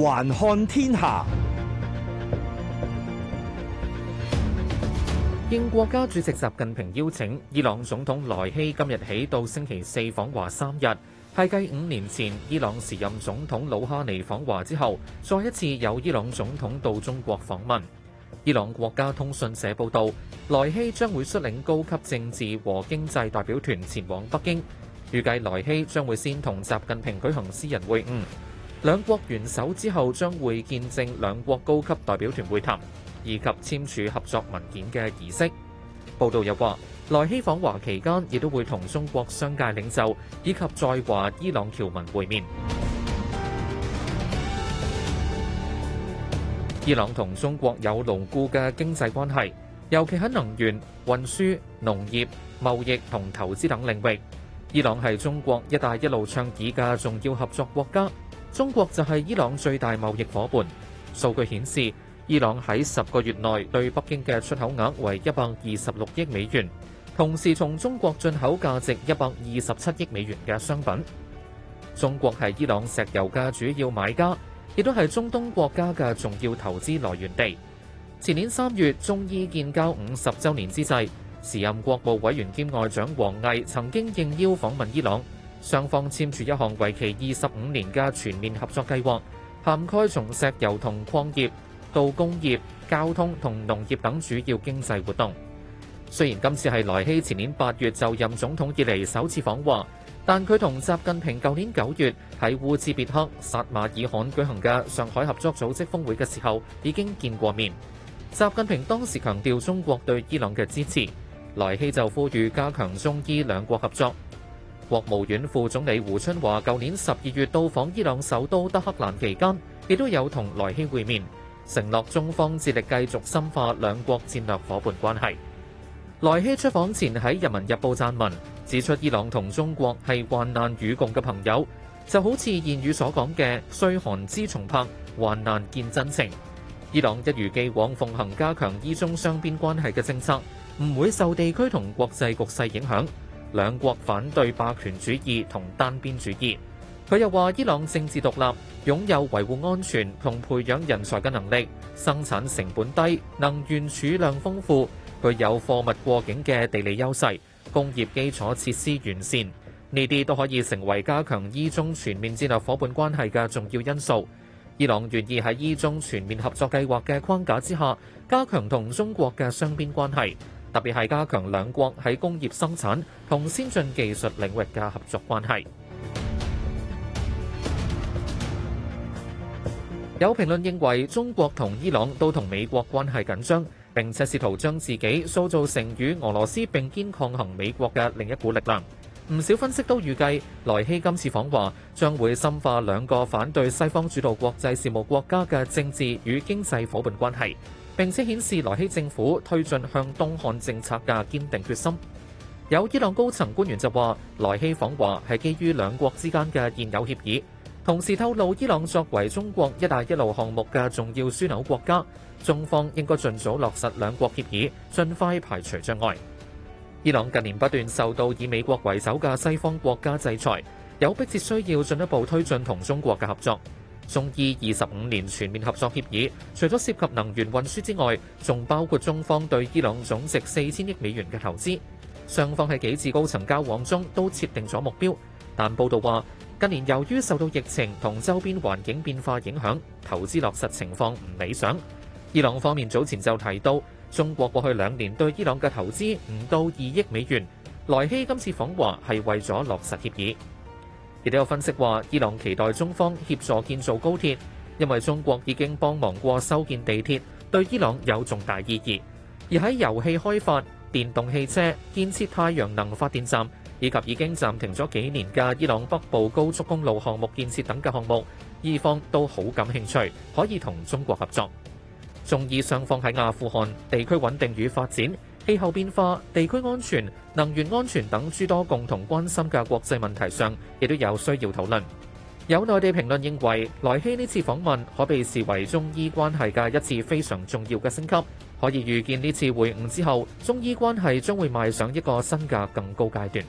環看天下。應國家主席習近平邀請，伊朗總統萊希今日起到星期四訪華三日，係繼五年前伊朗時任總統魯哈尼訪華之後，再一次有伊朗總統到中國訪問。伊朗國家通訊社報道，萊希將會率領高級政治和經濟代表團前往北京，預計萊希將會先同習近平舉行私人會晤。兩國元首之後將會見證兩國高級代表團會談以及簽署合作文件嘅儀式。報道又話，萊希訪華期間亦都會同中國商界領袖以及在華伊朗僑民會面。伊朗同中國有牢固嘅經濟關係，尤其喺能源、運輸、農業、貿易同投資等領域。伊朗係中國“一帶一路”倡議嘅重要合作國家。中國就係伊朗最大貿易伙伴。數據顯示，伊朗喺十個月內對北京嘅出口額為一百二十六億美元，同時從中國進口價值一百二十七億美元嘅商品。中國係伊朗石油嘅主要買家，亦都係中東國家嘅重要投資來源地。前年三月，中伊建交五十週年之際，時任國務委員兼外長王毅曾經應邀訪問伊朗。雙方簽署一項為期二十五年嘅全面合作計劃，涵蓋從石油同礦業到工業、交通同農業等主要經濟活動。雖然今次係萊希前年八月就任總統以嚟首次訪華，但佢同習近平舊年九月喺烏茲別克薩馬爾罕舉行嘅上海合作組織峰會嘅時候已經見過面。習近平當時強調中國對伊朗嘅支持，萊希就呼籲加強中伊兩國合作。國務院副總理胡春華舊年十二月到訪伊朗首都德黑蘭期間，亦都有同萊希會面，承諾中方致力繼續深化兩國戰略夥伴關係。萊希出訪前喺《人民日報》撰文指出，伊朗同中國係患難與共嘅朋友，就好似諺語所講嘅“歲寒知松柏，患難見真情”。伊朗一如既往奉行加強伊中雙邊關係嘅政策，唔會受地區同國際局勢影響。兩國反對霸權主義同單邊主義。佢又話：伊朗政治獨立，擁有維護安全同培養人才嘅能力，生產成本低，能源儲量豐富，具有貨物過境嘅地理優勢，工業基礎設施完善，呢啲都可以成為加強伊中全面戰略夥伴關係嘅重要因素。伊朗願意喺伊中全面合作計劃嘅框架之下，加強同中國嘅雙邊關係。特別係加強兩國喺工業生產同先進技術領域嘅合作關係。有評論認為，中國同伊朗都同美國關係緊張，並且試圖將自己塑造成與俄羅斯並肩抗衡美國嘅另一股力量。唔少分析都預計，萊希今次訪華將會深化兩個反對西方主導國際事務國家嘅政治與經濟夥伴關係。並且顯示萊希政府推進向東看政策嘅堅定決心。有伊朗高層官員就話，萊希訪華係基於兩國之間嘅現有協議，同時透露伊朗作為中國「一帶一路」項目嘅重要樞紐國家，中方應該儘早落實兩國協議，盡快排除障礙。伊朗近年不斷受到以美國為首嘅西方國家制裁，有迫切需要進一步推進同中國嘅合作。中伊二十五年全面合作協議，除咗涉及能源運輸之外，仲包括中方對伊朗總值四千億美元嘅投資。雙方喺幾次高層交往中都設定咗目標，但報道話近年由於受到疫情同周邊環境變化影響，投資落實情況唔理想。伊朗方面早前就提到，中國過去兩年對伊朗嘅投資唔到二億美元。萊希今次訪華係為咗落實協議。亦都有分析話，伊朗期待中方協助建造高鐵，因為中國已經幫忙過修建地鐵，對伊朗有重大意義。而喺油氣開發、電動汽車、建設太陽能發電站，以及已經暫停咗幾年嘅伊朗北部高速公路項目建設等嘅項目，伊方都好感興趣，可以同中國合作。中伊雙方喺阿富汗地區穩定與發展、氣候變化、地區安全、能源安全等諸多共同關心嘅國際問題上，亦都有需要討論。有內地評論認為，萊希呢次訪問可被視為中伊關係嘅一次非常重要嘅升級，可以預見呢次會晤之後，中伊關係將會邁上一個新嘅更高階段。